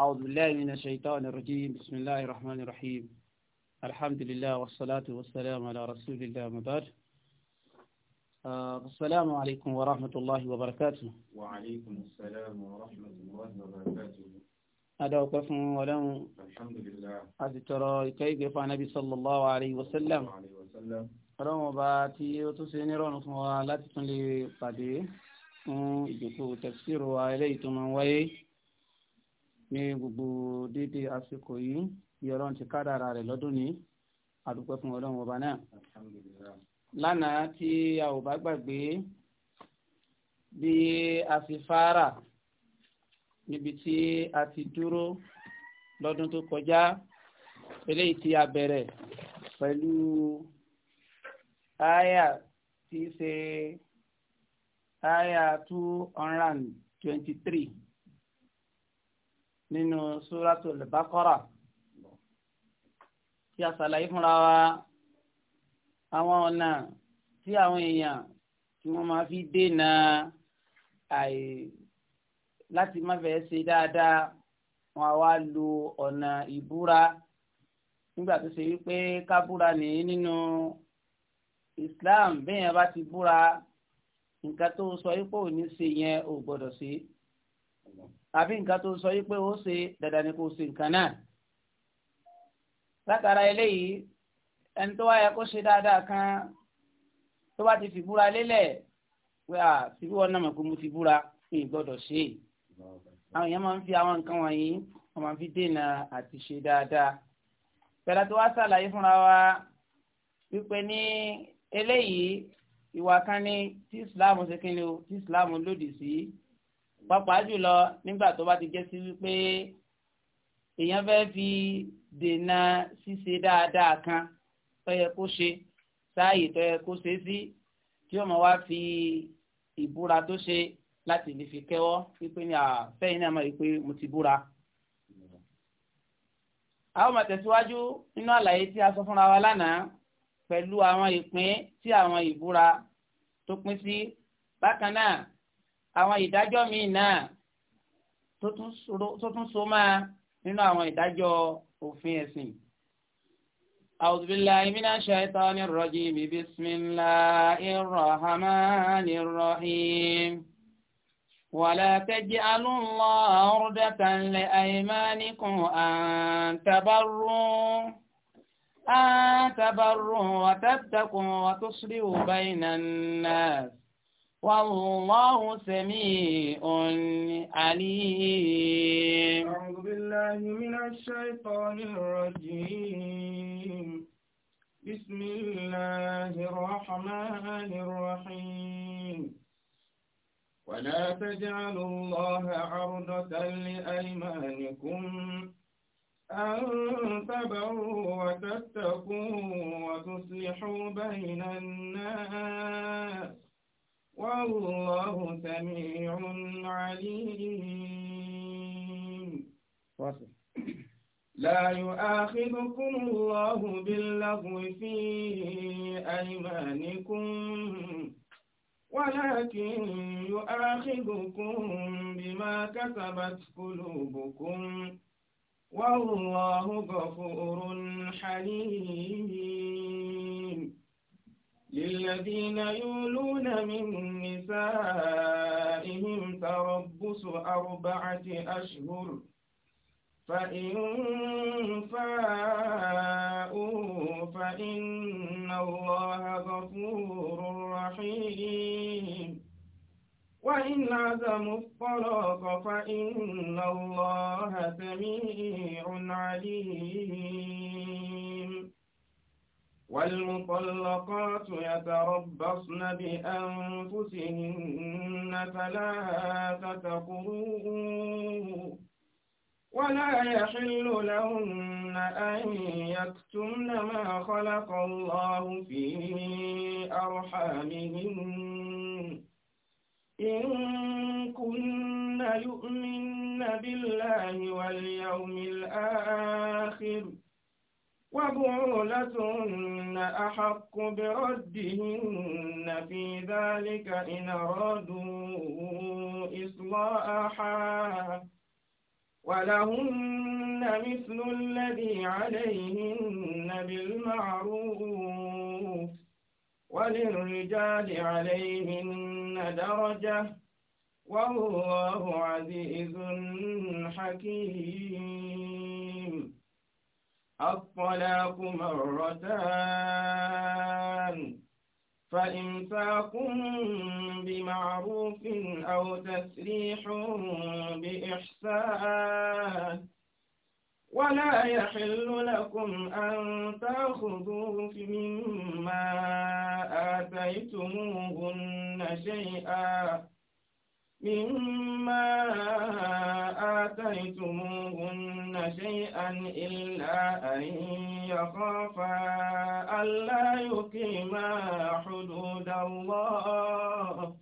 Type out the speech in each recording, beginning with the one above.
أعوذ بالله من الشيطان الرجيم بسم الله الرحمن الرحيم الحمد لله والصلاة والسلام على رسول الله مبار آه، السلام عليكم ورحمة الله وبركاته وعليكم السلام ورحمة الله وبركاته أدعو كفن ولم الحمد لله أدعو ترى كيف النبي صلى الله عليه وسلم رمو باتي وتسيني ó tún ṣe nírọ̀rùn fún wa láti tún lè pàdé ní gbogbo déédéé àsìkò yìí bí ọlọ́run ti kádàrà rẹ̀ lọ́dún ní àdúpẹ́ fún ọlọ́run ọba náà. lánàá tí a ò bá gbàgbé bí a ti fara níbi tí a ti dúró lọ́dún tó kọjá eléyìí tí a bẹ̀rẹ̀ pẹ̀lú aya tí í ṣe aya two hundred and twenty three nínú suratul Baqara tí a ṣàlàyé fúnra wa àwọn ọ̀nà tí àwọn èèyàn tí wọ́n máa fi dènà àì láti má fẹ́ ṣe dáadáa wọn á wá lo ọ̀nà ìbúra nígbà tó ṣe wípé ká búra nìyí nínú Islam bẹ́ẹ̀ bá ti búra nǹkan tó sọ wípé ò ní ṣe yẹn ò gbọ́dọ̀ ṣe àbí nǹkan tó sọ yí pé ó ṣe dandan ni kò ṣe nǹkan náà látara eléyìí ẹni tó wáyà kó ṣe dáadáa kan tó bá ti fìbúra lélẹ̀ pé à síbí wọn náà mọ̀ pé mo ti búra mi gbọ́dọ̀ ṣe é àwọn èèyàn máa ń fi àwọn nǹkan wọ̀nyí wọ́n máa ń fi dènà àti ṣe dáadáa pẹ̀lú àti wá ṣàlàyé fúnra wa wípé ní eléyìí ìwà kan ní tí Islam ṣe kí ni o tí Islam lòdì sí. Si pàápàá jùlọ nígbà tó bá ti jẹ́ sí wípé èèyàn fẹ́ fi dènà ṣíṣe dáadáa kan tó yẹ kó ṣe sáàyè tó yẹ kó ṣe sí tí ó máa wá fi ìbúra tó ṣe láti lè fi kẹ́wọ́ wípé ní àfẹ́yìn náà mọ̀ wípé mo ti búra. a ó nínú àlàyé tí a sọ fúnra wa lánàá pẹ̀lú àwọn ìpín tí àwọn ìbúra tó pín sí bákan náà àwọn ìdájọ́ míì náà tó tún so máa nínú àwọn ìdájọ́ òfin ẹ̀sìn. أعوذ بالله من الشيطان الرجيم بسم الله الرحمن الرحيم ولا تجعلوا الله عرضة لأيمانكم أن تبروا أن تبروا وتتقوا وتصلحوا بين الناس والله سميع عليم أعوذ بالله من الشيطان الرجيم بسم الله الرحمن الرحيم ولا تجعلوا الله عرضة لأيمانكم أن تبروا وتتقوا وتصلحوا بين الناس والله سميع عليم واصل لا يؤاخذكم الله باللغو في أيمانكم ولكن يؤاخذكم بما كسبت قلوبكم والله غفور حليم للذين يولون من نسائهم تربص أربعة أشهر فإن فاءوا فإن الله غفور رحيم وإن عزموا الطلاق فإن الله سميع عليم والمطلقات يتربصن بأنفسهن ثلاثة قروء ولا يحل لهن أن يكتمن ما خلق الله في أرحامهن إن كن يؤمن بالله واليوم الآخر ۖ وبعولتهن أحق بردهن في ذلك إن أرادوا إصلاحا ولهن مثل الذي عليهن بالمعروف وللرجال عليهن درجة والله عزيز حكيم الطلاق مرتان فإمساك بمعروف أو تسريح بإحسان ولا يحل لكم أن تأخذوا مما آتيتموهن شيئا مما آتيتموهن شيئا إلا أن يخافا ألا يقيما حدود الله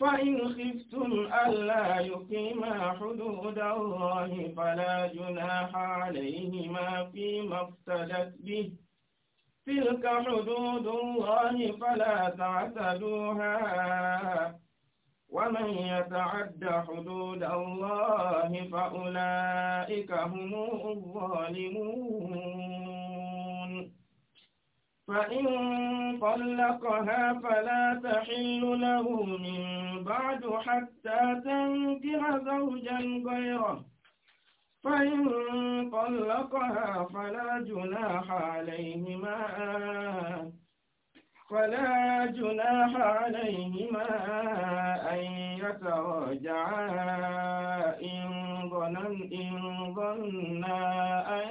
فإن خفتم ألا يقيما حدود الله فلا جناح عليهما فيما افتدت به تلك حدود الله فلا تعتدوها ومن يتعد حدود الله فأولئك هم الظالمون فإن طلقها فلا تحل له من بعد حتى تنكر زوجا غيره فإن طلقها فلا جناح عليهما فلا جناح عليهما أن يتراجعا إن ظنن إن ظنا أن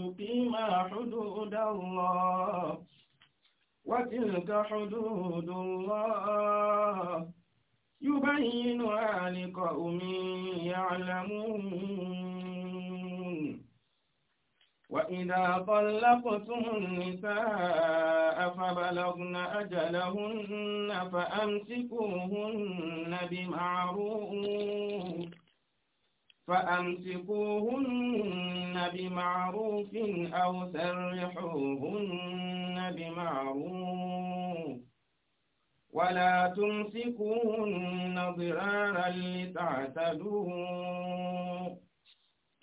يقيما حدود الله وتلك حدود الله يبينها لقوم يعلمون وإذا طلقتم النساء فبلغن أجلهن فأمسكوهن بمعروف فأمسكوهن بمعروف أو سرحوهن بمعروف ولا تمسكوهن ضرارا لتعتدوا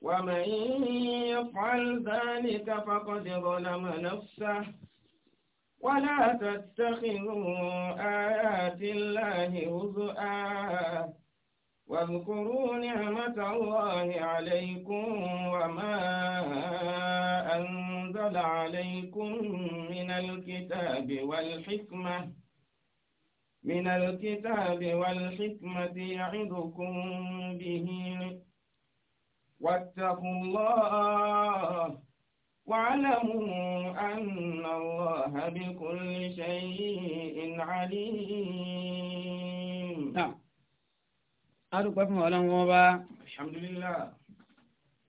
ومن يفعل ذلك فقد ظلم نفسه ولا تتخذوا آيات الله هزؤا واذكروا نعمة الله عليكم وما أنزل عليكم من الكتاب والحكمة من الكتاب والحكمة يعظكم به واتقوا الله واعلموا أن الله بكل شيء عليم نعم أرقى فما لنغوبا الحمد لله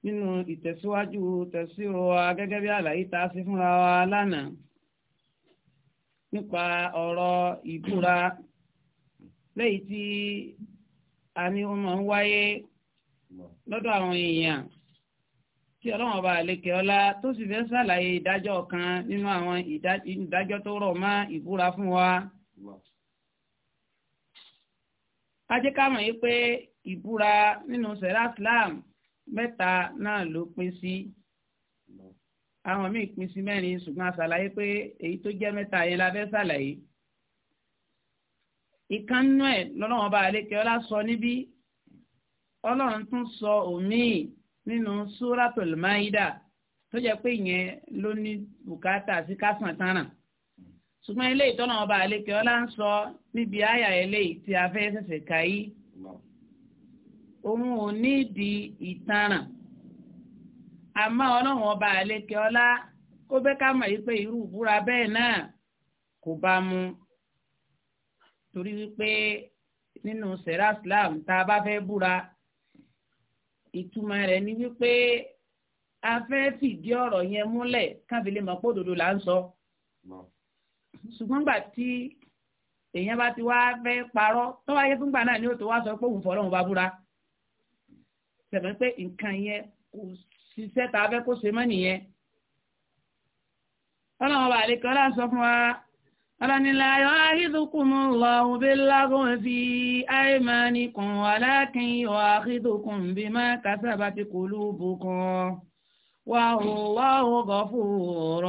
nínú ìtẹ̀síwájú tẹ̀síro wa gẹ́gẹ́ bí àlàyé tá a ṣe fúnra wa lánàá nípa ọ̀rọ̀ ìbúra léyìí tí a ní ó máa ń wáyé lọ́dọ̀ àwọn èèyàn tí ọlọ́run ọba àlekè ọlá tó sì fẹ́ ṣàlàyé ìdájọ́ kan nínú àwọn ìdájọ́ tó rọ̀ mọ́ ìbúra fún wa. a jẹ́ ká mọ̀ yí pé ìbúra nínú sẹ̀rá Islam mẹ́ta náà ló pín sí àwọn míì pín sí mẹ́rin ṣùgbọ́n a ṣàlàyé pé èyí tó jẹ́ mẹ́ta yẹn la fẹ́ ṣàlàyé. ìkànnú ẹ̀ lọ́lọ́run ọba àlekè ọlá sọ níbí ọlọ́run tún sọ òmíì nínú súrátòlù máyídà tó jẹ́ pé ìyẹn ló ní bùkátà sí kásán tánà ṣùgbọ́n eléyìí tọ́nà ọba àlekè ọlá ń sọ níbi àyà eléyìí tí a fẹ́ ṣẹ̀ṣẹ̀ kà yí òun ò ní di ìtanràn àmọ́ ọlọ́run ọba àlekè ọlá ó bẹ́ ká mọ̀ wípé irú ìbúra bẹ́ẹ̀ náà kò bá mu torí wípé nínú sẹ̀rá Islam tá a bá fẹ́ búra ìtumọ̀ rẹ̀ ni wípé a fẹ́ fìdí ọ̀rọ̀ yẹn múlẹ̀ káfílẹ mọ pé òdodo là ń sọ ṣùgbọ́n gbà tí èèyàn bá ti wá fẹ́ parọ́ tó wáyé fúngbà náà ni ó tó wá sọ pé òun fọlọ́run bá búra sẹ̀mẹ́ pé nǹkan yẹn kò ṣiṣẹ́ tá a fẹ́ kó ṣe mọ́ nìyẹn ọlọ́run ọba àlekọ́ láǹsọ fún wa. ألن لا يؤاخذكم الله باللغو في أيمانكم ولكن يؤاخذكم بما كسبت قلوبكم والله غفور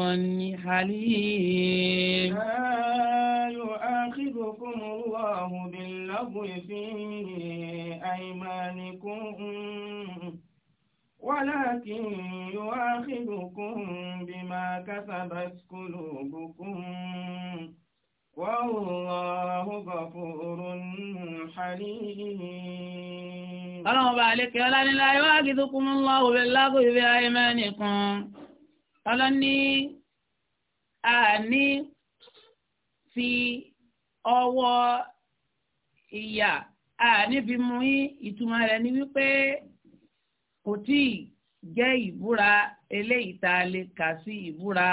حليم لا يؤاخذكم الله باللغو في أيمانكم ولكن يؤاخذكم بما كسبت قلوبكم Wallahu ghafurun halim. Ọlọ́run bá lè kẹ́ ọlá nílá yu'akhidhukumullahu bil-laghwi fi aymanikum. Ọlọ́run ní àní fi ọwọ́ ìyà àní fi mú yín ìtumọ̀ rẹ̀ ni wípé kò tíì jẹ́ ìbúra eléyìí tá lè kà sí ìbúra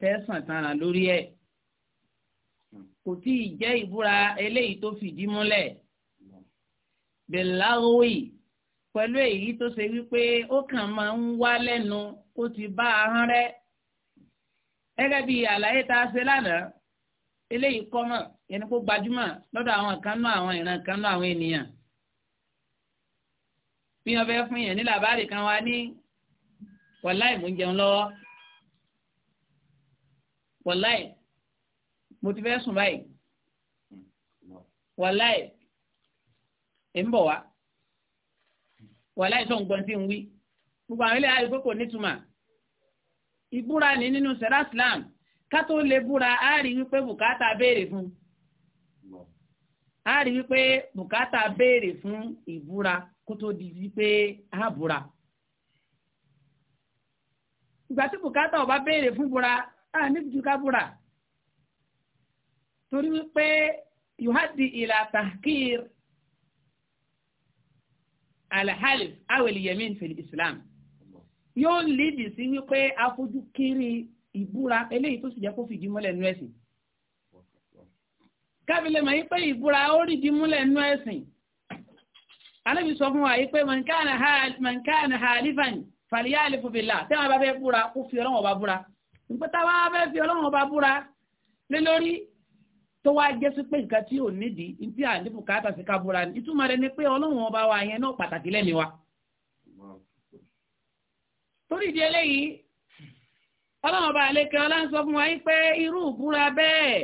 tẹ̀sán tààrà lórí ẹ̀ kò tí ì jẹ́ ìbúra eléyìí tó fìdí múlẹ̀ bẹ̀láwì pẹ̀lú èyí tó ṣe wípé ó kàn máa ń wá lẹ́nu ó ti bá ahọ́n rẹ̀ gẹ́gẹ́ bí àlàyé tá a ṣe lánàá eléyìí kọ́mọ̀ yẹn ni kó gbajúmọ̀ lọ́dọ̀ àwọn kan náà àwọn ìran kan náà àwọn ènìyàn bí wọ́n fẹ́ fún yẹn ní làbáàrí kan wá ní wàláì mò jẹun lọ́wọ́ wàláì mo ti fẹ́ sùn báyìí wàláì ẹ̀ ń bọ̀ wá wàláì sọ̀ ń gbọ́n tí ń wí gbogbo àwọn ilé ayé kókò nítumà ìbúra ní nínú sẹ́rà Islam ká tó lè búra á rí wípé bùkátà béèrè fún á rí wípé bùkátà béèrè fún ìbúra kó tó ọba béèrè fún búra á ní ju ká búra. torí wípé yuhadi ila tahkir alhalif awel yemin fil islam yóò lédì sí wípé afojú kiri ìbúra eléyìí tó sì jẹ́ kó fìdí mọ́lẹ̀ nú ẹ̀sìn kábílẹ̀ mọ̀ wípé ìbúra ó rídìí múlẹ̀ nú ẹ̀sìn alábi sọ fún wa wípé mọ̀nkánà halifan fàlíyàlì fòfìlà tí wọ́n bá fẹ́ búra kó fi ọlọ́wọ́ bá búra nípa táwa fẹ́ fi ọlọ́wọ́ bá búra lé lórí tó wá jẹ́ sí pé nǹkan tí ò nídìí ní tí à ń dínkù káàtà sí kábúra ni ìtumọ̀ rẹ̀ ni pé ọlọ́run ọba wa yẹn náà pàtàkì lẹ́mi wa. torí ìdí eléyìí ọlọ́run ọba àlekè ọlá ń sọ fún wa yín pé irú ìbúra bẹ́ẹ̀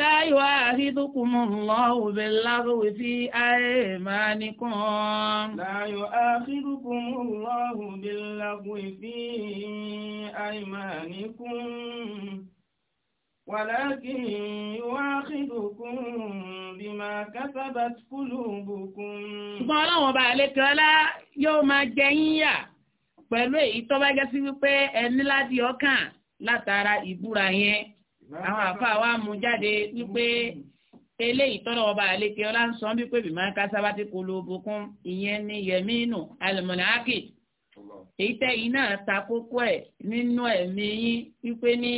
láyò àrídùkùmù lọ́wọ́ bẹ lágòwé sí àìmánìkan. láyò àrídùkùmù lọ́wọ́ bẹ lágòwé sí àìmánìkan. ولكن يواخذكم بما كسبت قلوبكم. ṣùgbọ́n ọlọ́run bá alẹ́ kan lá yóò máa jẹ yín yà pẹ̀lú èyí tó bá jẹ́ sí wípé ẹni láti ọkàn látara ìbúra yẹn àwọn àfáà wa mú jáde wípé eléyìí tọ́lọ̀ ọba àlekè ọlá ń sọ wípé bìmọ̀ kásábàtì qulubukum ìyẹn ní yẹmínú almunaaqid èyí tẹ́ yìí náà ta kókó ẹ̀ nínú ẹ̀mí yín wípé ní.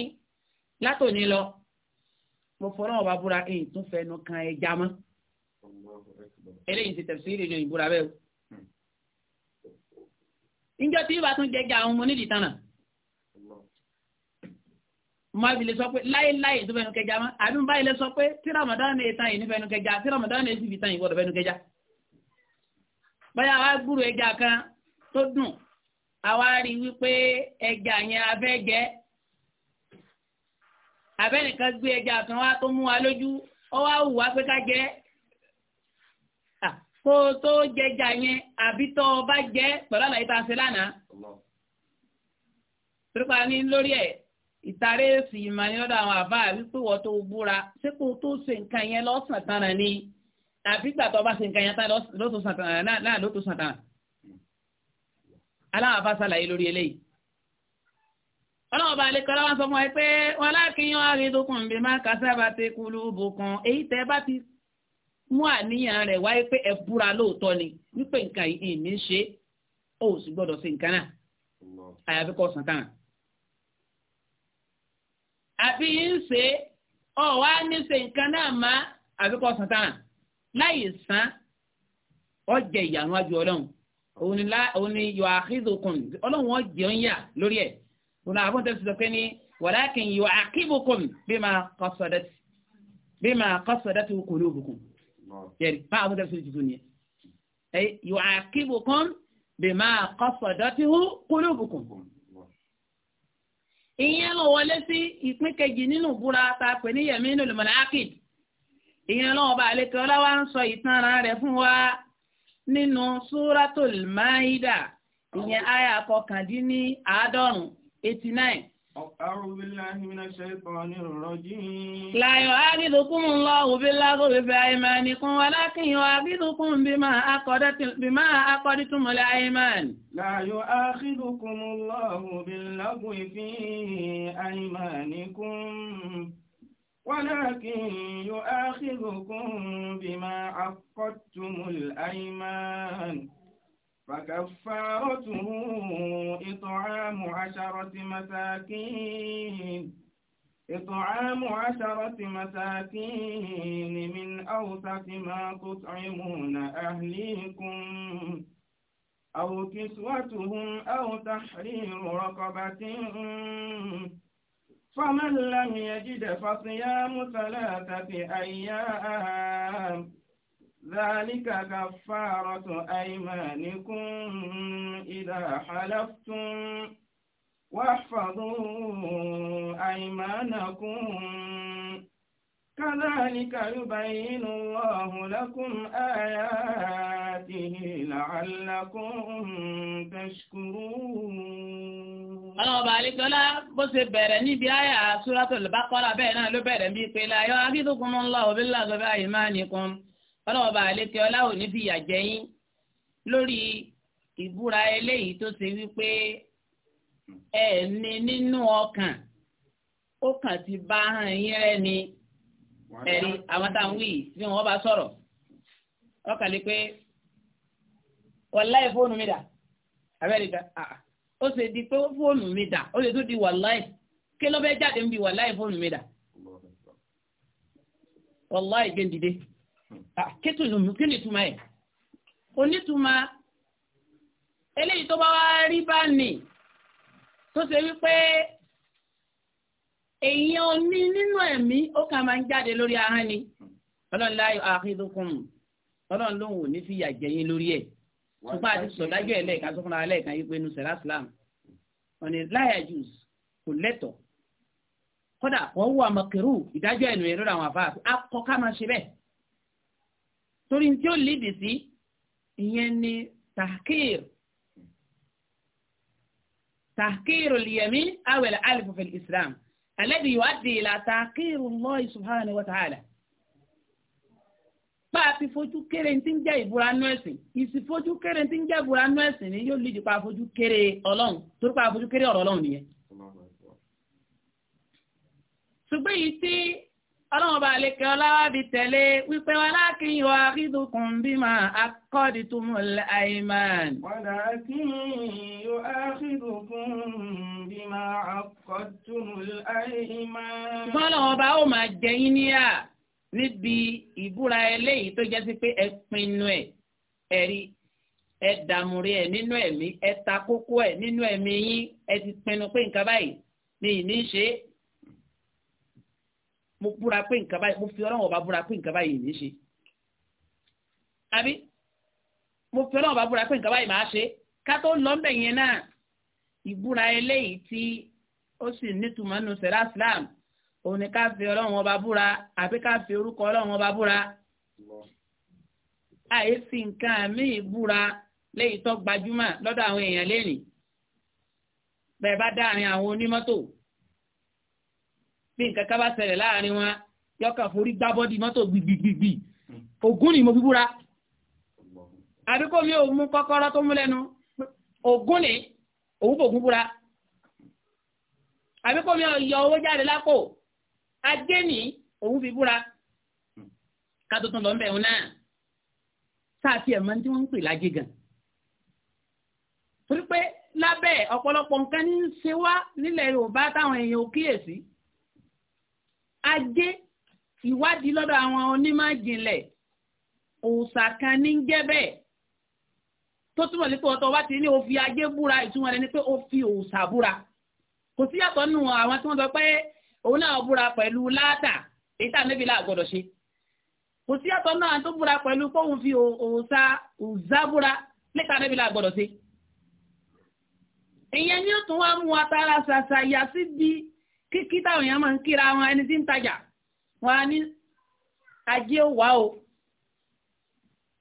látòní lọ mo fọ́nà ọba búra èyí tún fẹnu kan ẹja mọ́ eléyìí ti tẹ̀síìrì ní ìbúra bẹ́ẹ̀ níjọ́ tí ìbá tún àwọn ọmọ nídìí tánà mo fi lè sọ pé láéláé tó fẹnu kẹja mọ́ àbí mo báyìí lè sọ pé tí ramadan ní ìtàn yìí ní fẹnu kẹja tí ramadan ní fi yìí gbọ́dọ̀ kẹja báyà wá gbúrò ẹja kan tó dùn àwa rí wípé ẹja yẹn abẹ́nìkan gbé ẹja ọ̀sán wa tó mú wa lójú ó wá wù wá pé ká jẹ kó o tó jẹjà yẹn àbí tó o bá jẹ pẹ̀lú àlàyé tá a ṣe lánàá. pípa ní lórí ẹ̀ ìtàrí èsì ìmọ̀nìyọ́dọ̀ àwọn àbá wípé wọ́n tó búra ṣé kó o tó ṣe nǹkan yẹn lọ́sàn-án tán ni àbí gbà tó o bá ṣe nǹkan yẹn tán ló tó náà ló tó sàn aláwọ̀ àbá lórí eléyìí ọlọ́wọ́ bá alẹ́kọ̀ọ́ láwọn sọ fún ẹ pé wọn láàkíyàn àrídókùn bí máa kásábà ti kúlú bùkún èyí tẹ́ bá ti mú àníyàn rẹ̀ wáyé pé ẹ búra lóòótọ́ ni wípé nǹkan yìí ní í ṣe ó sì gbọ́dọ̀ sí nǹkan náà àyàfi kọ́ sàn tán. àfi yìí ń ṣe ọ wá ní ṣe nǹkan náà má àfi kọ́ sàn tán láyé sàn ọ jẹ ìyàwó àjọ ọlọ́run òun ni yọ àkíyàn ọlọ́run ọ jẹun yà lórí ẹ̀ wọn àbọ̀ tẹ́ sọ pé ní walakin yu'aqibukum bima qasadat bima qasadat qulubukum yẹri bá àbọ̀ tẹ́ sọ jù nìyẹn ẹ yu'aqibukum bima qasadat qulubukum. ìyẹn lọ wọlé sí ìpín kejì nínú búra tá a pè ní yaminul munaqid ìyẹn lọ́wọ́ bá àlekẹ́ ọláwá ń sọ ìtàn rẹ̀ fún wa nínú súratul maida ìyẹn àyà kọkàndínní àádọ́rùn-ún eighty nine. أعوذ بالله من الشيطان الرجيم لا يؤاخذكم الله باللغو في أيمانكم ولكن يؤاخذكم بما عقدت بما عقدتم الأيمان لا يؤاخذكم الله باللغو في أيمانكم ولكن يؤاخذكم بما عقدتم الأيمان فكفارته إطعام عشرة مساكين إطعام عشرة مساكين من أوسط ما تطعمون أهليكم أو كسوتهم أو تحرير رقبة فمن لم يجد فصيام ثلاثة أيام ذلك كفارة أيمانكم إذا حلفتم واحفظوا أيمانكم كذلك يبين الله لكم آياته لعلكم تشكرون àwọn ọba àlejòlá bó ṣe bẹ̀rẹ̀ níbi àyà Suratul Baqara bẹ́ẹ̀ náà ló bẹ̀rẹ̀ bíi pé la yu'akhidhukumu Allahu bil-laghwi fi aymanikum. ọlọ́wọ́ bá àlékè ọlá lori ibura eleyi to yín lórí ìbúra eléyìí tó ṣe wípé ti bá hàn yín ni ẹ̀rí àwọn táwọn wí bí wọ́n bá sọ̀rọ̀ ọkàn lè pé wàláì fóònù mi dà abẹ́rẹ́dà ah, ah. ó ṣe di pé fóònù mi dà ó ṣe tó di wàláì kí ló jáde bi wàláì fóònù Ah, kẹ́tù kí ni ìtumọ̀ ẹ̀ onítùmọ̀ eléyìí tó bá wá rí bá nì tó ṣe wípé èèyàn ní nínú ẹ̀mí ó kà máa ń jáde lórí ahọ́n ni ọlọ́run láyò àkíndùnkùn ọlọ́run lòun ò ní fi yà jẹ yín lórí ẹ̀ ṣùgbọ́n àti sọ̀dájọ́ ẹ̀ lẹ́ẹ̀ka tó fúnra ẹ̀ lẹ́ẹ̀ka yín pé nu sẹ̀rásìlám ọ̀nà láyà jùs kò lẹ́tọ̀ kódà wọ́n wù àmọ̀kẹ́rù ìdájọ́ ẹ̀ nù ẹ̀ lọ́dọ̀ àwọn àfáà akọ ká máa ṣe bẹ́ẹ̀ torí tí ó lìdì sí ìyẹn ni tahkir tahkir al-yamin aw al-alif fi al-islam alladhi yuaddi ila tahkir Allah subhanahu wa ta'ala bá a ti fojú kéré tí ń jẹ́ ìbúra nú ẹ̀sìn ìsìfojú kéré tí ń jẹ́ ìbúra nú ẹ̀sìn ni yóò lìdí pa fojú kéré ọlọ́run torí pa fojú kéré ọ̀rọ̀ ọlọ́run nìyẹn. ṣùgbọ́n èyí tí ọlọ́run bá lè kẹ́ ọláwábi tẹ̀lé wípé wọn láàkì yọ àrídùkùn bímọ akọ́dìtúmọ̀ àìmán. wọn láàkì yọ àrídùkùn bímọ akọ́dìtúmọ̀ àìmán. ṣùgbọ́n ọlọ́run bá ó máa jẹ yín níyà níbi ìbúra eléyìí tó jẹ́ sí pé ẹ pinnu ẹ̀ ẹ̀rí ẹ dààmú rí ẹ nínú ẹ̀mí ẹ ta kókó ẹ nínú ẹ̀mí yín ẹ ti pinnu pé nǹkan báyìí ni ìní ṣe é mo búra pé nǹkan báyìí mo fi ọlọ́run ọba búra pé nǹkan báyìí ní ṣe àbí mo fi ọlọ́run ọba búra pé nǹkan báyìí máa ṣe ká tó lọ mbẹ̀ yẹn náà ìbúra eléyìí tí ó sì nítumọ̀ nù sẹ́lá islam òun ni ká fi ọlọ́run ọba búra àbí ká fi orúkọ ọlọ́run ọba búra àìsí nǹkan àmì ìbúra léyìí tó gbajúmọ̀ lọ́dọ̀ àwọn èèyàn lénìí bẹ́ẹ̀ bá dáàrin àwọn onímọ́tò bí nǹkan ká bá ṣẹlẹ̀ láàrin wọn yọkàn forí gbá bọ́dì mọ́tò gbìgbìgbì ògún ni mo fi búra àdúgbò mi ò mú kọ́kọ́rọ́ tó mú lẹ́nu ògún ni òun kò gún búra àdúgbò mi ò yọ owó jáde lápò ajé ni òun fi búra ká tuntun lọ ń bẹ̀rù náà sáà tiẹ̀ máa ń tí wọ́n ń pè lájé gan torí pé lábẹ́ ọ̀pọ̀lọpọ̀ nǹkan ní ṣe wá nílẹ̀ Yorùbá táwọn èèyàn ò kíyèsí ajé ìwádìí lọ́dọ̀ àwọn onímọ̀ ìjìnlẹ̀ òòṣà kan ní jẹ́ bẹ́ẹ̀ tó túmọ̀ sí pé ọ̀tọ̀ wá ti ní o fi ajé búra ìtumọ̀ rẹ̀ ni pé o fi òòṣà búra kò sí yàtọ̀ nù àwọn tí wọ́n sọ pé òun náà búra pẹ̀lú láàtà èyí tá níbi láà gbọ́dọ̀ ṣe kò sí yàtọ̀ náà tó búra pẹ̀lú kóun fi òòṣà òòṣà búra lẹ́ka níbi láà gbọ́dọ̀ ṣe ìyẹn ni ó tún wá mú atara ṣàṣàyà sí bíi kíkí táwọn èèyàn máa ń kíra wọn ẹni tí ń tajà wọn á ní ajé wà o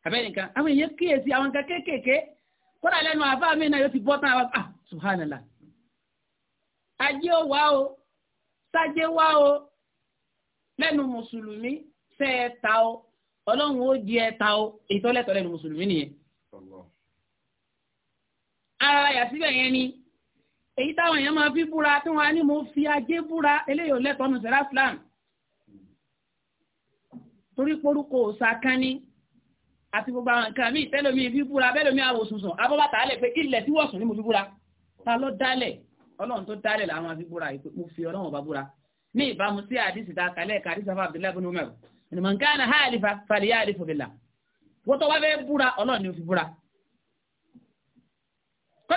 abẹ́nìkan àwọn èèyàn kíyèsí àwọn nǹkan kéékèèké kódà lẹ́nu àfáà mi náà yóò ti bọ́ tán àwọn ah subhanallah ajé wà o sájé wà o lẹ́nu mùsùlùmí ṣe é ta o ọlọ́run ó di ẹ ta o èyí tó mùsùlùmí nìyẹn. ara yà síbẹ̀ yẹn ni èyí táwọn èèyàn máa fi búra tí wọ́n á ní mo fi ajé búra eléyìí ò lẹ́tọ̀ọ́ nù sẹ́rà flam torí porúkọ òòsà kan ní àti gbogbo àwọn nǹkan míì tẹ́lómi fi búra bẹ́lómi àwòsùnsùn abọ́bàtà lẹ̀ pé ilẹ̀ tí wọ́n sùn ní mo fi búra ta ló dálẹ̀ ọlọ́run tó dálẹ̀ làwọn afi búra yìí mo fi ọlọ́run ọba búra ní ìbámu sí àdìsí ta kalẹ̀ ka àdìsí afa abdullahi bin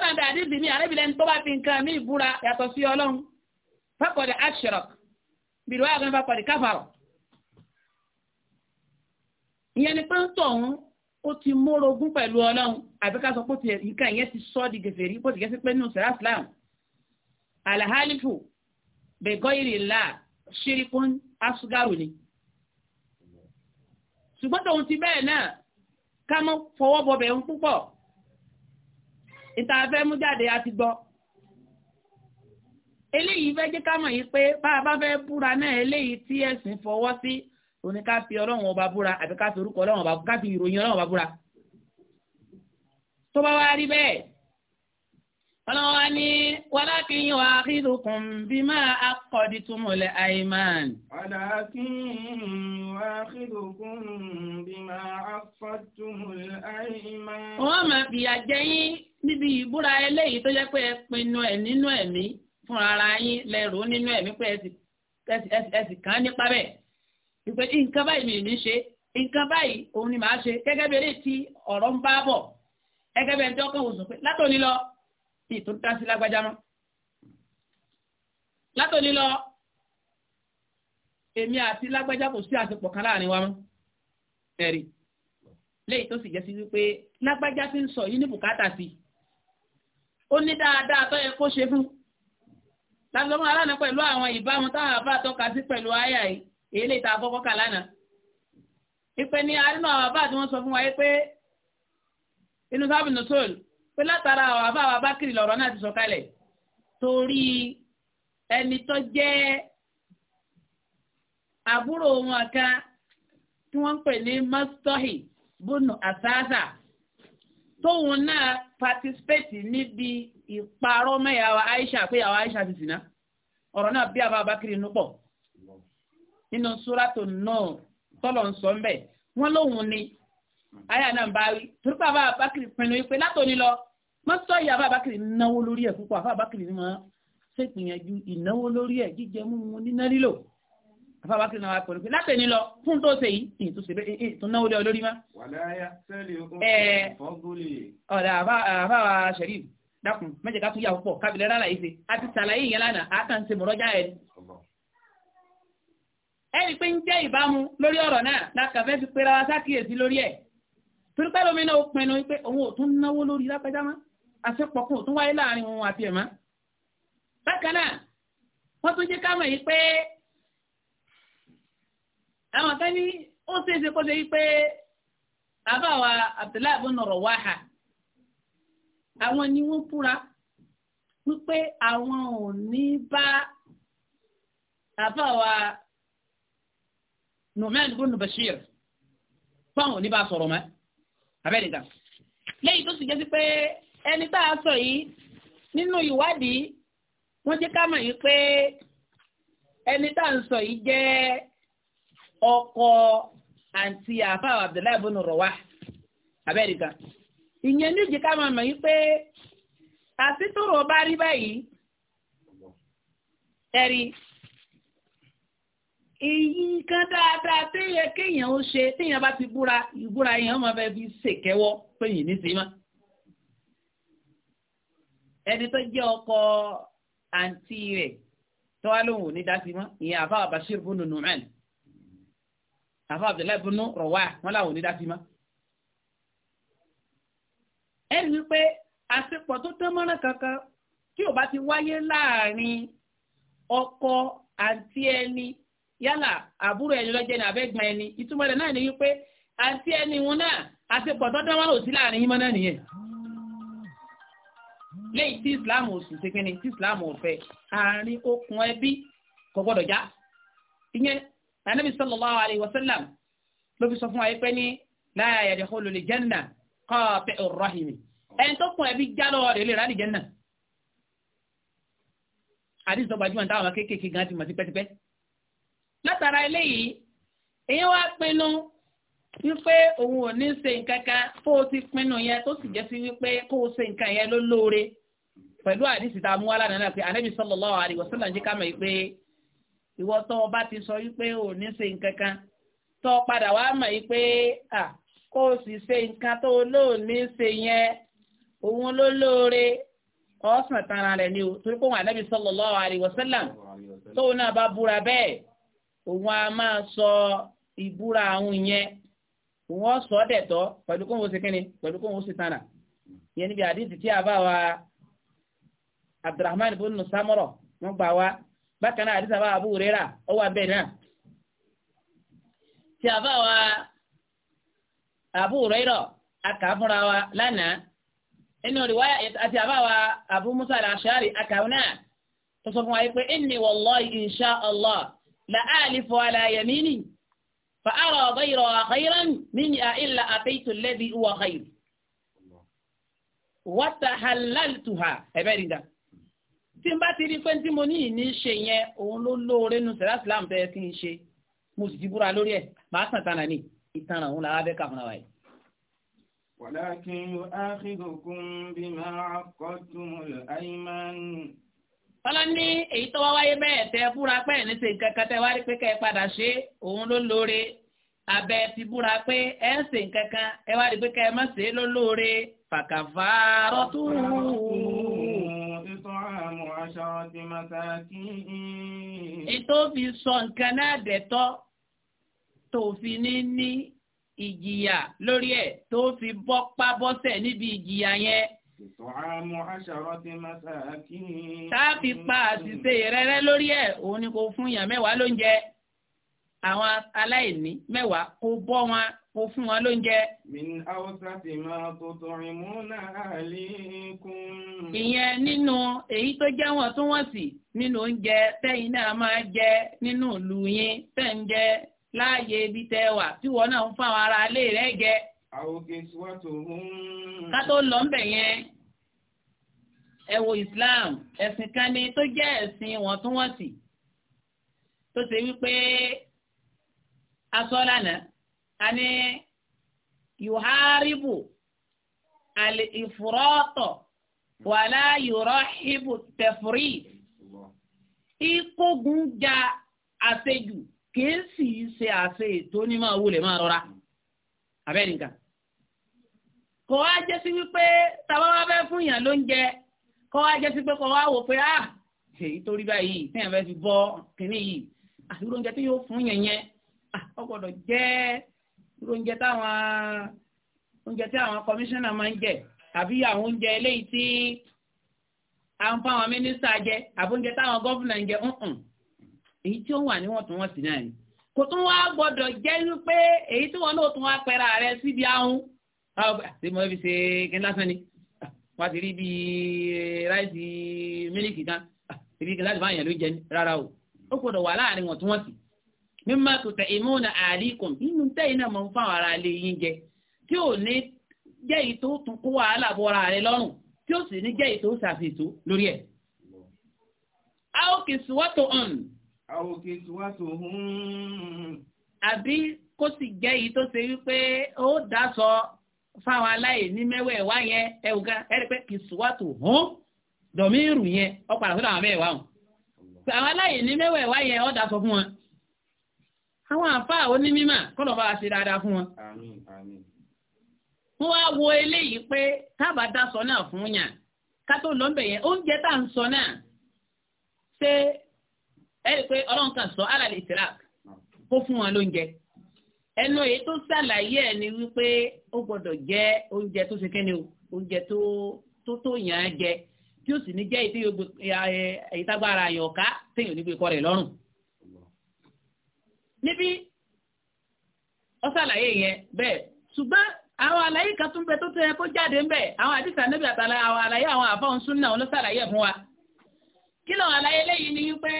kódà bí àdìsí mi àrẹ́bìlẹ̀ ń tó bá fi nǹkan mí ìbúra yàtọ̀ sí ọlọ́run faqad ashrak bìrì wáyà kan faqad kafara. ìyẹn ni pé ń tọ̀ ọ́n ó ti mórogún pẹ̀lú ọlọ́run àbí ká sọ pé ti nǹkan ìyẹn ti sọ́ di gèfèrí bó ti gẹ́sí pé nínú sẹ̀rá islam alahalifu bẹ̀gọ́yìrìlá ṣirikun asugaru ni. ṣùgbọ́n tòun ti bẹ́ẹ̀ náà ká mọ́ fọwọ́ bọ̀bẹ̀ ń púpọ̀ ìta fẹ́ mú jáde a ti gbọ́ eléyìí fẹ́ jẹ́ ká mọ̀ yìí pé bá a bá fẹ́ búra náà eléyìí tí ẹ̀sìn fọwọ́ sí òní ká fi ọlọ́run ọba búra àbí ká fi orúkọ ọlọ́run ọba ká fi ìròyìn ọlọ́run ọba búra tó bá wá rí bẹ́ẹ̀ ọlọ́wọ́ ní wàlákì yín wà áhìlùkùn bí máa akọ̀dí túmọ̀lẹ̀ àìmán. wàlákì yín wà áhìlùkùn bí máa akọ̀dí túmọ̀lẹ̀ àìmán. wọ́n máa fìyà jẹ yín níbi ìbúra eléyìí tó jẹ́ pé ẹ pinnu ẹ̀ nínú ẹ̀mí fún ara yín lẹ́rù nínú ẹ̀mí pé ẹ sì kàn nípa bẹ́ẹ̀. ìpè nǹkan báyìí mi ní ṣe nǹkan báyìí òun ni màá ṣe gẹ́gẹ́ bí eléyìí tí ọ̀rọ̀ ìtò dásí lágbájá mọ́. látòní lọ èmi àti lágbájá kò sí àsopọ̀ kan láàrin wa mọ́ ẹ̀rí léyìí tó sì jẹ́ sí wípé lágbájá ti ń sọ yìí ní bùkátà sí ó ní dáadáa tó yẹ kó ṣe fún lásìlọ́mọ́ aláàánú pẹ̀lú àwọn ìbámu táwọn àbá tọ́ka sí pẹ̀lú àyà yìí èyí lè ta àkọ́kọ́ kà lánàá ìpè ní arínú àwọn àbá tí wọ́n sọ fún wa yìí pé inú sábìnú sóòlù pé látara ọ̀rọ̀ àbá wa bá kiri lọ̀rọ̀ náà ti sọ̀kalẹ̀ torí ẹni tó jẹ́ àbúrò wọn kan tí wọ́n ń pè ní mastohi bunu asasa tóun náà patisipéètì níbi ìparọ́ mẹ́yàwó Aisha pé yàwó Aisha ti sìnà ọ̀rọ̀ náà bí àbá Abakiri inú pọ̀ nínú súrátò náà tọ́lọ̀ ń sọ mbẹ̀ wọ́n lóhun ni aya náà bá rí torí pé àbá Abakiri pinnu wípé látòní lọ mọ́tọ́ yìí afábákiri náwó lórí ẹ̀ púpọ̀ afábákiri ni wọ́n ṣèpìyànjú ìnáwó lórí ẹ̀ jíjẹ múmu níná lílò afábákiri náà wà pẹ̀lú pé látẹ̀ ní lọ fún tó ṣe yìí tó náwó lé ọ lórí má. wàláyà sẹ́lẹ̀ okun fọ́gùlì. ọ̀dà àfáwà sẹ́rí dákun mẹ́jẹ̀ ká tún yà púpọ̀ kábìlẹ̀ rárá yìí ṣe àti sàlàyé yẹn lánàá àkànṣe mọ̀rọ́jà ẹ̀ ẹni pé ń jẹ́ ìbámu lórí ọ̀rọ̀ náà lákàfẹ́ fi pera wa sákìyèsí lórí ẹ̀ torípẹ́ lómi náà ó pinnu pé òun ò tún náwó lórí lápẹ́já máa àṣepọ̀ kò tún wáyé láàrin òun àti ẹ̀mọ́. bákan náà wọ́n tún jẹ́ ká mọ̀ yìí pé àwọn kan ní ó ṣeé ṣe kó ṣe yìí pé bàbá wa Abdullahi ibn Rawaha àwọn ni wọ́n fúra wípé àwọn ò ní bá bàbá wa Nu'man ibn Bashir fáwọn ò ní bá sọ̀rọ̀ mọ́ abẹ́nìkan lẹ́yìn tó sì jẹ́ sí pé. ẹni tá a sọ yìí nínú ìwádìí wọ́n jẹ́ ká mọ̀ yìí pé ẹni tá ń sọ yìí ọkọ àǹtí àfáà Abdullahi bùnú rọ̀wá abẹ́rìkà ìyẹn ní ìjìká máa mọ̀ yìí pé bá rí báyìí èyí kan dáadáa téèyàn kéèyàn ó ṣe téèyàn bá ti búra ìbúra yẹn ó máa fi ṣèkẹ́wọ́ péyìn ní ẹni tó jẹ́ ọkọ àǹtí rẹ̀ tó wá lóhùn ní dásí mọ́ ìyẹn àfa Bashir bunu Nu'man àfa Abdullahi bunu Rawah wọn làwọn ní dásí mọ́. ẹni wípé àṣepọ̀ tó tán mọ́rán kankan tí ò bá ti wáyé láàrin ọkọ àǹtí ẹni yálà àbúrò ẹni lọ́jẹ́ ní abẹ́gbọ̀n ẹni ìtumọ̀ rẹ̀ náà ni wípé àǹtí ẹni wọn náà àṣepọ̀ tó tán mọ́rán òsì láàrin yín mọ́ náà nìyẹn léyìí tí islam ò sì ṣe kínní tí islam ò fẹ́ àárín okùn ẹbí kò gbọ́dọ̀ já ìyẹn anabi sallallahu alayhi wa sallam ló fi sọ fún wa yìí pé ní la yadkhulu li janna qati'ur rahimi ẹni tó kùn ẹbí já lọ́wọ́ rẹ̀ lè rà lè janna àdìsọ gbajúmọ̀ táwọn ọmọ kéékèèké gan ti mọ̀ sí pẹ́tipẹ́ látara eléyìí èyí wá pinnu wípé òun ò ní ṣe nǹkan kan kó o ti pinnu yẹn tó sì jẹ́ sí wípé kó o ṣe nǹkan yẹn ló lóore pẹ̀lú àdìsí tá a mú wá lánàá náà pé anábì sallallahu alaihi wasallam jẹ́ ká mọ̀ pé ìwọ tó o bá ti sọ wípé ò ní ṣe nǹkan kan tó padà wá mọ̀ pé kó o sì ṣe nǹkan tó lóò ní ṣe yẹn òun ló lóore ọ̀sán tara rẹ̀ ni o torí pé wọn anábì sallallahu alaihi wasallam tóun náà bá búra bẹ́ẹ̀ òun a máa sọ ìbúra àwọn yẹn òun ọ̀sọ́ dẹ̀tọ́ pẹ̀lú kóun ó ṣe kíni pẹ̀lú kóun ó ṣe tara ìyẹn níbi àdìsí tí a bá wa. abdulrahman ibn samurọ wọ́n gbà wá bákan náà àdìsá bá abu rera ó wà bẹ́ẹ̀ náà tí a bá wa abu rera aka fúnra wa lánàá inú riwaya àti a wa abu musa al-ashari aka náà tó sọ fún wa yìí pé inni wallahi insha allah la alifu ala yamini fa ara ghayra khayran min a illa ataitu alladhi huwa khayr wa tahallatuha ẹ̀bẹ̀rìndà. tí n bá ti rí pé tí mo ní ìní ṣe yẹn òun ló lóore nu sẹ̀rá sílám bẹ́ẹ̀ kí n ṣe mo sì ti búra lórí ẹ̀ màá sàn tánà ní ìtanràn òun làwọn abẹ́ka fúnra wa yìí. wàlákin yu'akhidukum bima 'aqadtumul ayman. tọ́lá ní èyí tó wá wáyé bẹ́ẹ̀ tẹ búra pé ẹ̀ ṣe nǹkan kan tẹ wá rí pé kẹ́ ẹ padà ṣe òun ló lóore abẹ́ ti búra pé ẹ̀ ń ṣe nǹkan kan ẹ wá rí pé kẹ́ ẹ má ṣe é ló lóore fàkàfà rọ́tùrù. بمساكين ètò fi sọ nǹkan náà dẹ̀tọ́ tó fi ní ní ìjìyà lórí ẹ̀ tó fi bọ́ pa bọ́sẹ̀ níbi ìjìyà yẹn. Ìtọ́hámú aṣàrọ̀ ti masakin. Tá a fi pa àṣìṣe rẹ́rẹ́ lórí ẹ̀, òun ni kò fún yàn mẹ́wàá lóúnjẹ. Àwọn aláìní mẹ́wàá kò bọ́ wọn ó fún wọn lóúnjẹ. min hausa ti máa tó tọrin àlékún. ìyẹn nínú èyí tó jẹ́ wọ̀n tó wọ́n sì nínú oúnjẹ tẹ́yìn náà máa jẹ nínú ìlú yín tẹ́ ń jẹ láàyè ibi tẹ́ wà tí wọ́n náà ń àwọn ará ilé rẹ̀ jẹ. àwòkè síwájú hún. ká tó lọ ń yẹn ẹ wo Islam ẹ̀sìn kan ni tó jẹ́ ẹ̀sìn wọ̀ntúnwọ̀nsì tó wọ́n tó ṣe wípé lánàá. ani yuharibu al-ifrọ́tọ̀ wàlá yurahibu tafrid ìkógun ja àṣejù kìí sì ṣe àṣe ètò ní máa wulẹ̀ máa rọra abẹ́ni nǹkan kò wá jẹ́ sí wípé tàbá wá fẹ́ fún èèyàn lóúnjẹ kò wá jẹ́ sí pé kò wá wò pé ah èyí tó báyìí téèyàn fẹ́ fi bọ́ kínní yìí àti oúnjẹ tí yóò fún yẹn yẹn ah, ó gbọ́dọ̀ jẹ́ irú oúnjẹ táwọn oúnjẹ tí àwọn kọmíṣánná máa ń jẹ àbí àwọn oúnjẹ eléyìí tí àwọn fáwọn mínísítà jẹ àbí oúnjẹ táwọn gọ́fìnà ń jẹ ǹǹ èyí tí ó wà níwọ̀ntúnwọ̀nsì náà ni kò tún wá gbọ́dọ̀ jẹ́ wípé èyí tí wọn náà tún wá pẹ̀ra rẹ síbi ahun ṣé mo fi ṣe kí n lásán ni wọ́n ti rí bí eh, ráìsì mílíkì kan ibi kí n láti bá yẹn ló jẹ rárá o ó gbọ́dọ̀ wà láàrin wọ̀ntúnwọ̀nsì mímọ́ tòtẹ̀ ìmúna àríkùn nínú tẹ́yìn náà mọ̀ ń fáwọn ara lè yín jẹ tí ò ní jẹ́ èyí tó tún kó wàhálà bọ́ra rẹ lọ́rùn tí ó sì ní jẹ́ èyí tó ṣàfihàn lórí ẹ̀. a ó kì í sùwọ́tò hàn. a ó kì í sùwọ́tò hàn. àbí kó sì jẹ́ èyí tó ṣe wípé ó dá sọ fáwọn aláìní mẹ́wẹ̀ẹ́ wá yẹn ẹ̀wù gan ẹ̀rí pé kì í sùwọ́tò hàn dọ̀míìrù yẹn ọ̀pọ̀ àfihàn àwọn mẹ́wẹ̀ẹ́ hàn. àwọn aláìní mẹ́wẹ̀ẹ́ wá yẹn ó sọ fún wọn. àwọn àfáà onímímà kọ́nà bá ṣe dáadáa fún wọn. Àmín, àmín. wọ́n wá wo eléyìí pé sọ náà fún yàn ká tó lọ́nbẹ̀ yẹn oúnjẹ tá à ń sọ náà ṣé sọ alàlẹ́ kó fún wọn lóúnjẹ ẹnu èyí tó ṣàlàyé ẹ ni wípé ó oúnjẹ tó ṣe kẹ́ni o oúnjẹ tó tó yàn án jẹ ó sì ní jẹ́ níbi ọ̀sàlàyé yẹn bẹ́ẹ̀ ṣùgbọ́n àwọn àlàyé kan tún bẹ tó tẹ kó jáde ń bẹ àwọn àdìsá níbi àtàlà àwọn àlàyé àwọn àfọ̀n súnà wọn ló ṣàlàyé fún wa kí lọ àlàyé lẹ́yìn ni wípé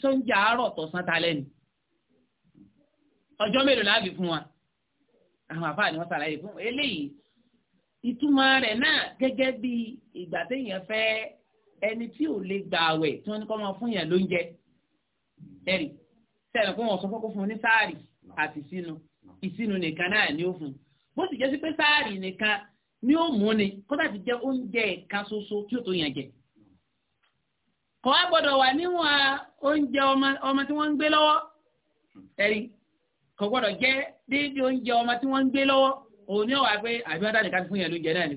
tó ń jà àárọ̀ tọ̀sán talẹ́ ni ọjọ́ mélòó láàbì fún wa àwọn àfáà ni wọ́n ṣàlàyé fún eléyìí ìtumọ̀ rẹ̀ náà gẹ́gẹ́ bí ìgbà téèyàn fẹ́ ẹni tí ò lè gbà àwẹ̀ tí wọ́n kọ́ máa fún yàn lóúnjẹ ẹ̀rì sẹ́yìn fún wọn sọ fọ́kọ́ fún un ní sáàrì àti ìsinu ìsinu nìkan náà ni ó fún un bó sì jẹ́ sí pé sáàrì nìkan ni ó mú ni kódà ti jẹ́ oúnjẹ kan ṣoṣo kí ó tó yàn jẹ kọ́ á gbọ́dọ̀ wà níwọ̀n oúnjẹ ọmọ tí wọ́n ń gbé lọ́wọ́ ẹ̀rí kò gbọ́dọ̀ jẹ́ déédéé oúnjẹ ọmọ tí wọ́n ń gbé lọ́wọ́ òun ni ó wà pé àbí wọn dá nìkan fún yẹn lóúnjẹ náà ni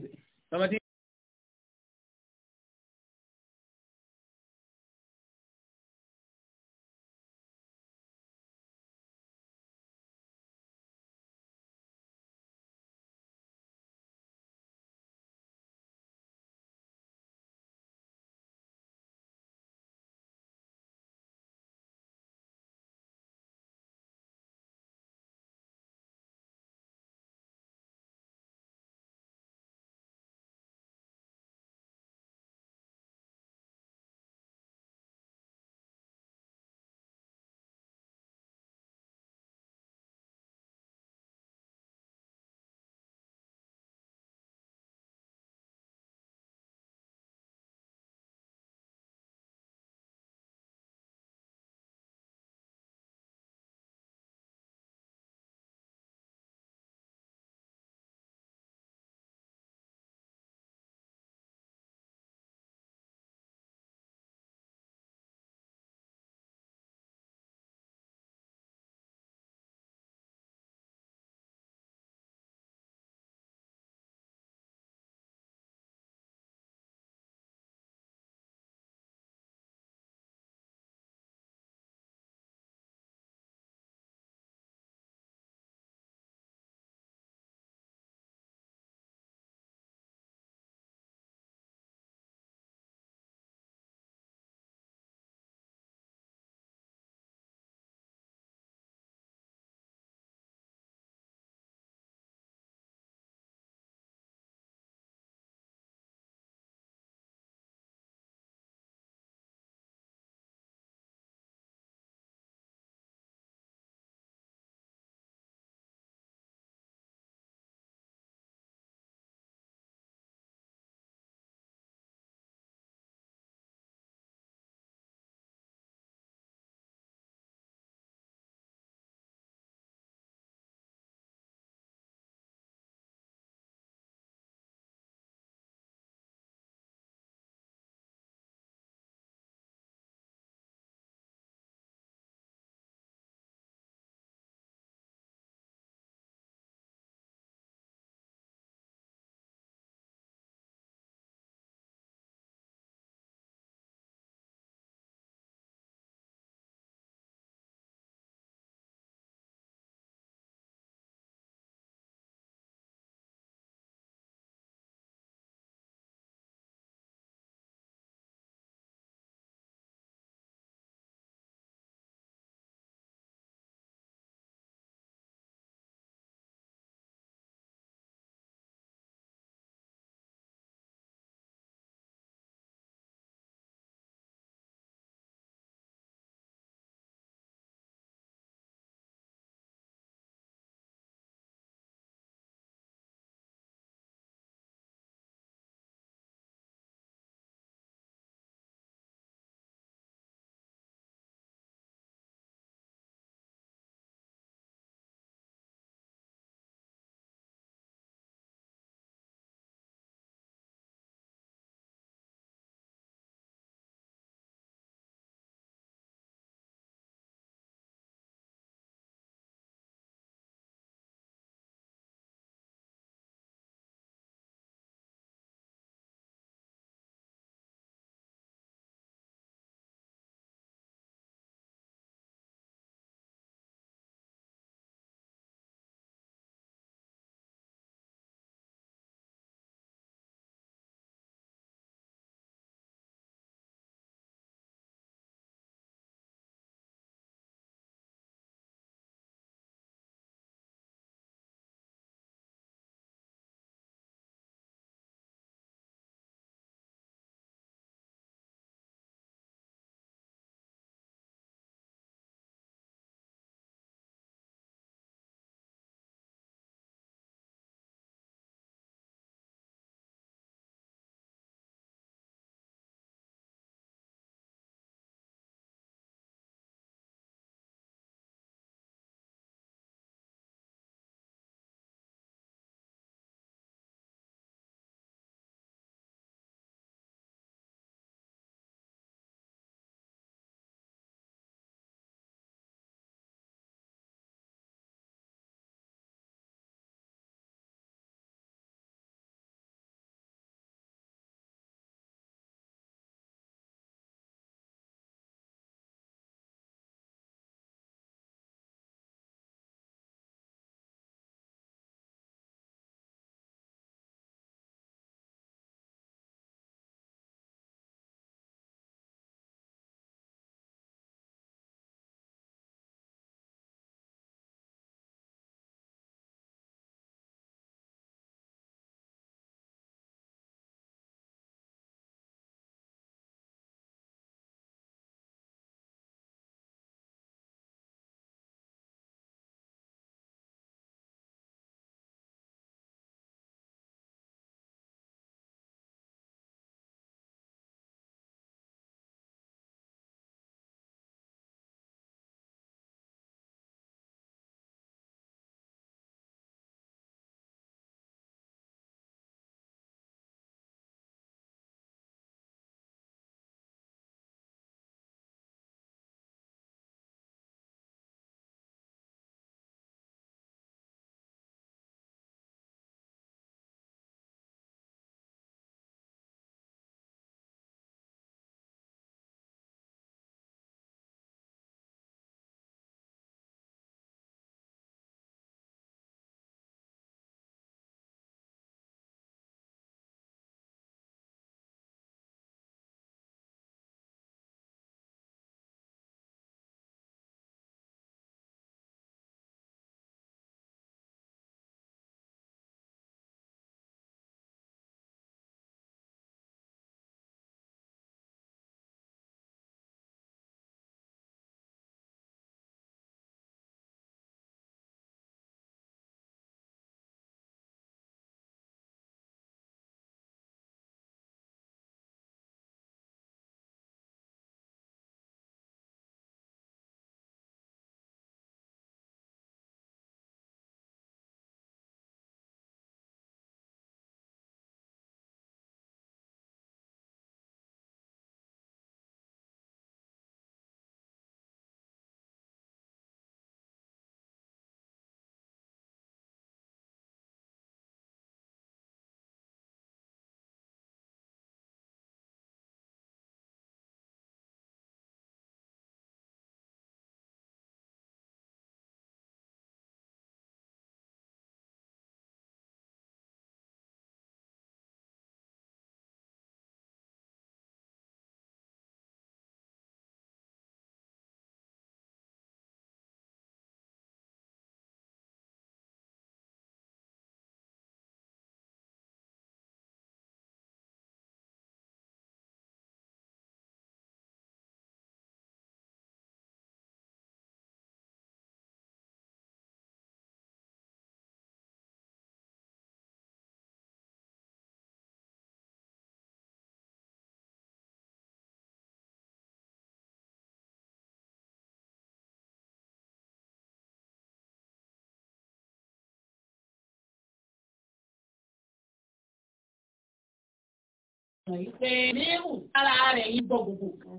pé níhù ara rẹ̀ yìí gbọ́ gbogbo.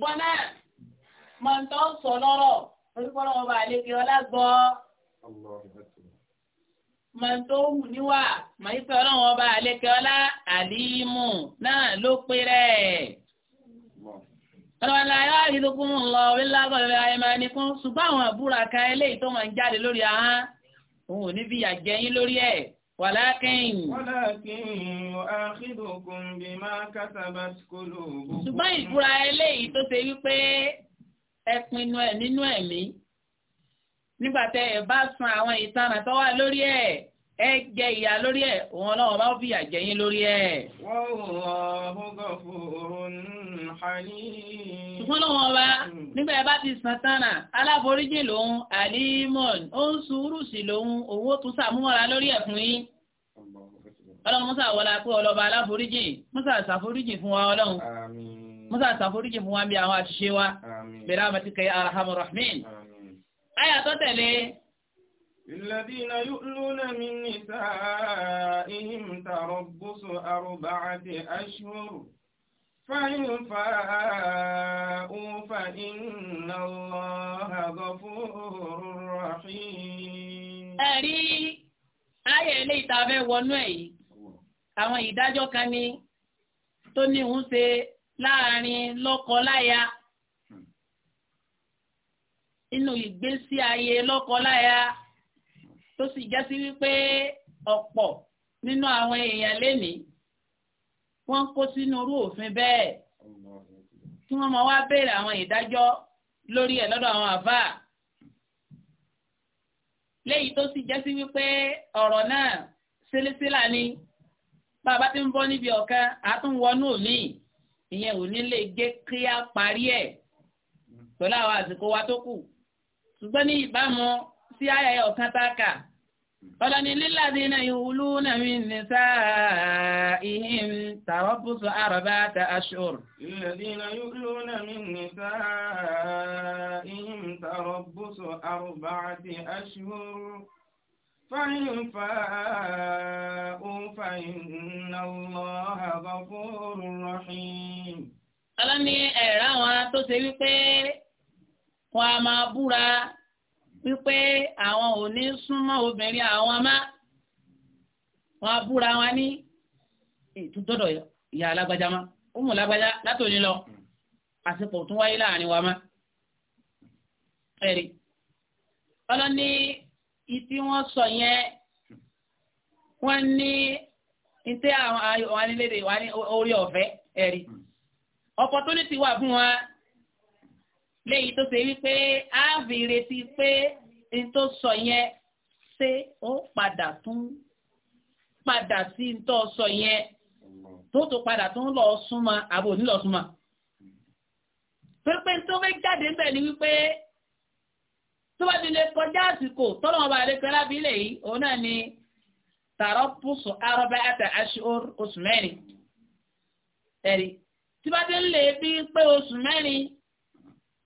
wọn náà mọ̀ ń tọ́ sọ lọ́rọ̀ orúkọ náà wọn bá lè fi ọlá gbọ́. mọ̀ ń tó hù níwà mọ̀ ń fẹ́ ọlọ́run ọba àlékè ọlá àlímù náà ló pé rẹ̀. ọlọ́wọ́lá yóò rí lókun lọ orí lágbọ̀dọ̀ ayé máa ní kún ṣùgbọ́n àwọn àbúrò àka eléyìí jáde lórí ahọ́n òun ò ní fi yà jẹ́yìn lórí ẹ̀. Wàlákìn. Wàlákìn yu'akhidukum bima kasabat qulubukum. Ṣùgbọ́n ìbúra eléyìí tó ṣe wípé ẹ pinnu ẹ̀ nínú ẹ̀mí. Nígbà tẹ́ ẹ bá san àwọn ìtanà tó wà lórí ẹ̀ ẹ jẹ ìyá lórí ẹ òun Ọlọ́run bá fìyà jẹ yín lórí ẹ. wallahu ghafurun halim ṣùgbọ́n lọ́wọ́ ọba hmm. nígbà ẹ bá ti san tánà aláforíjì lòun àlímọ̀n ó ń sùúrù sí lòun owó tó sàmúmọ́ra lórí ẹ̀ fún yín. ọlọ́run mọ́sà wọlá pé ọlọ́ba aláforíjì mọ́sà ṣàforíjì fún wa ọlọ́run mọ́sà ṣàforíjì fún wa bí àwọn àṣìṣe wa bẹ̀rẹ̀ àmọ́ ti kẹ́ arahamu rahmin. àyà tó tẹ̀lé. الذين يؤلون من نسائهم تربص أربعة أشهر فإن فاءوا فإن الله غفور رحيم. ẹ̀rí ayé ilé ìtafẹ́ wọnú ẹ̀ yìí àwọn ìdájọ́ kan ni tó ní ń ṣe láàrin lọ́kọ-láya inú ìgbésí ayé lọ́kọ-láya tó sì jásí wípé ọ̀pọ̀ nínú àwọn èèyàn lénìí wọ́n ń kó sínú irú òfin bẹ́ẹ̀ tí wọ́n máa wá béèrè àwọn ìdájọ́ lórí ẹ̀ lọ́dọ̀ àwọn àfà léyìí tó sì jẹ́ sí wípé ọ̀rọ̀ náà sílísílà ni bàbá tí ń bọ́ níbi ọ̀kan àtúnwọnú òní ìyẹn ò ní lè gé kí á parí ẹ̀ pẹ̀lú àwọn àsìkò wa tó kù ṣùgbọ́n ní ìbámu sí ayẹyẹ ọ̀kan tá a kà ọlọ́ni lílàdínà ìwúlú náà mi nìta ìhìn tàwọ́pùsù àrọ̀bá ta aṣọ́rù. lílàdínà ìwúlú náà mi nìta ìhìn tàwọ́pùsù àrọ̀bá ti aṣọ́rù. فإن فاءوا فإن الله غفور ọlọ́ni tó ṣe wípé a máa wípé àwọn ò ní súnmọ́ obìnrin àwọn má wọn búra wọn ní ìtútọ́dọ̀ ìyá alágbájá má ọmọ alágbájá látòní lọ àsìkò tún wáyé láàrin wa má ẹ̀rí ọlọ́ni ìtí wọ́n sọ yẹn wọ́n ní ìtẹ́ àwọn ayọ̀ wọn nílé orí ọ̀fẹ́ ẹ̀rí hmm. opportunity wà fún wọn léyìí tó ṣe wípé a fi retí pé n tó sọ yẹn ṣé ó padà tún padà sí n tó sọ yẹn tó tó padà tún lọ súnmọ́ àbò nílọ súnmọ́ pépé tó fẹ́ jáde ń bẹ̀ ni wípé tó bá ti lè kọjá àsìkò tọ́lọ́ wọn bá lè pẹ́ òun náà ni tàrọ́pùsù arba'ata ashhur oṣù mẹ́rin ẹ̀rí tí bá ti ń lè bí pé oṣù mẹ́rin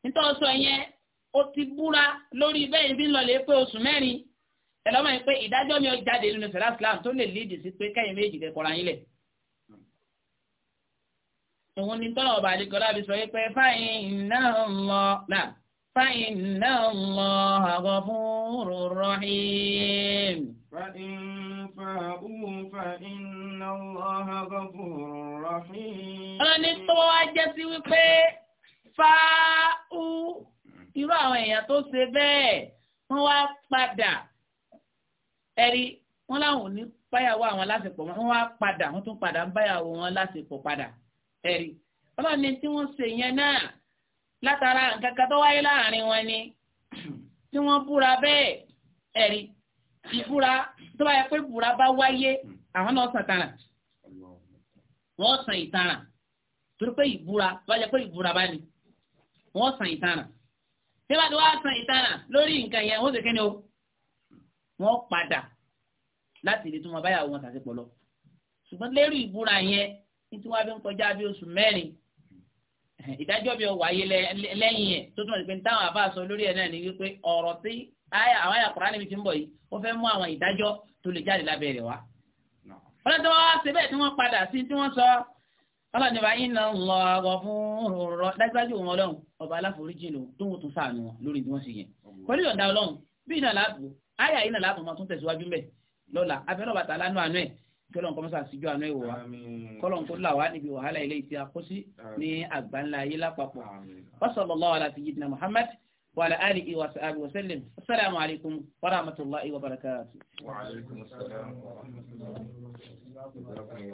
nítorí sọ yẹn o ti búra lórí bẹ́ẹ̀ bí lọ́lẹ̀ pé oṣù mẹ́rin ẹlọ́mọ yìí pé ìdájọ́ mi ò jáde nínú sẹ̀rá islam tó lè lídì sí pé kẹ́yìn méjì kẹ́ kọ́ra yín lẹ̀. òun ni tọ́lọ̀ ọba àdìgọ́lá bí sọ yìí pé fáyín iná lọ náà fáyín iná lọ àgọ́ fún rọ̀rọ̀ hìm. فإن فابوا فإن الله غفور رحيم. ọlọ́ni tó wá jẹ́ sí wípé fáú irú àwọn èèyàn tó ṣe bẹ́ẹ̀ wọ́n wá padà ẹ̀rí wọ́n láwọn ò ní báyàwó àwọn láṣepọ̀ wọ́n wá padà wọ́n tún padà ń báyàwó wọn láṣepọ̀ padà ẹ̀rí ọlọ́run ní tí wọ́n ṣe yẹn náà látara nǹkan kan tó wáyé láàrin wọn ni tí wọ́n búra bẹ́ẹ̀ ẹ̀rí ìbúra tó bá yẹ pé búra bá wáyé àwọn náà sàn tara wọ́n sàn ìtara torí pé ìbúra tó bá yẹ pé ìbúra bá ní wọ́n san ìtanà tí wọ́n ti wá san ìtanà lórí nǹkan yẹn wọ́n sì kí ni o wọ́n padà láti lè tún wọn báyàwó wọn tàbí pọ̀lọ́ ṣùgbọ́n lérí ìbúra yẹn nítorí wọn fi ń kọjá bí oṣù mẹ́rin ìdájọ́ bí ó wáyé lẹ́yìn yẹn tó túmọ̀ sí pé táwọn àbá sọ lórí ẹ̀ náà ni wípé ọ̀rọ̀ tí àwọn àyà Kùránì níbi tí ń bọ̀ yìí ó fẹ́ mú àwọn ìdájọ́ tó lè jáde lábẹ́ rẹ̀ wá. ọlọ́dọ̀ wá síbẹ̀ tí wọ́n padà sí tí wọ́n sọ ọlọ́ni bá yín náà lọ àgọ́ fún ọ̀rọ̀ dájúdájú wọn ọlọ́run ọba aláforíjì lòun tó ń tún sàánú wọn lórí bí wọ́n ṣe yẹn pẹ̀lú ìyọ̀ǹda ọlọ́run bí iná láàbù àyà iná láàbù máa tún tẹ̀síwájú mbẹ̀ lọ́la abẹ́rẹ́ ọ̀bàtà alánú àánú ẹ̀ kí ọlọ́run kọ́mọ́sá síjú àánú ẹ̀ wò wá kó là wá níbi wàhálà ilé ìtì àkóṣí ní àgbáńlá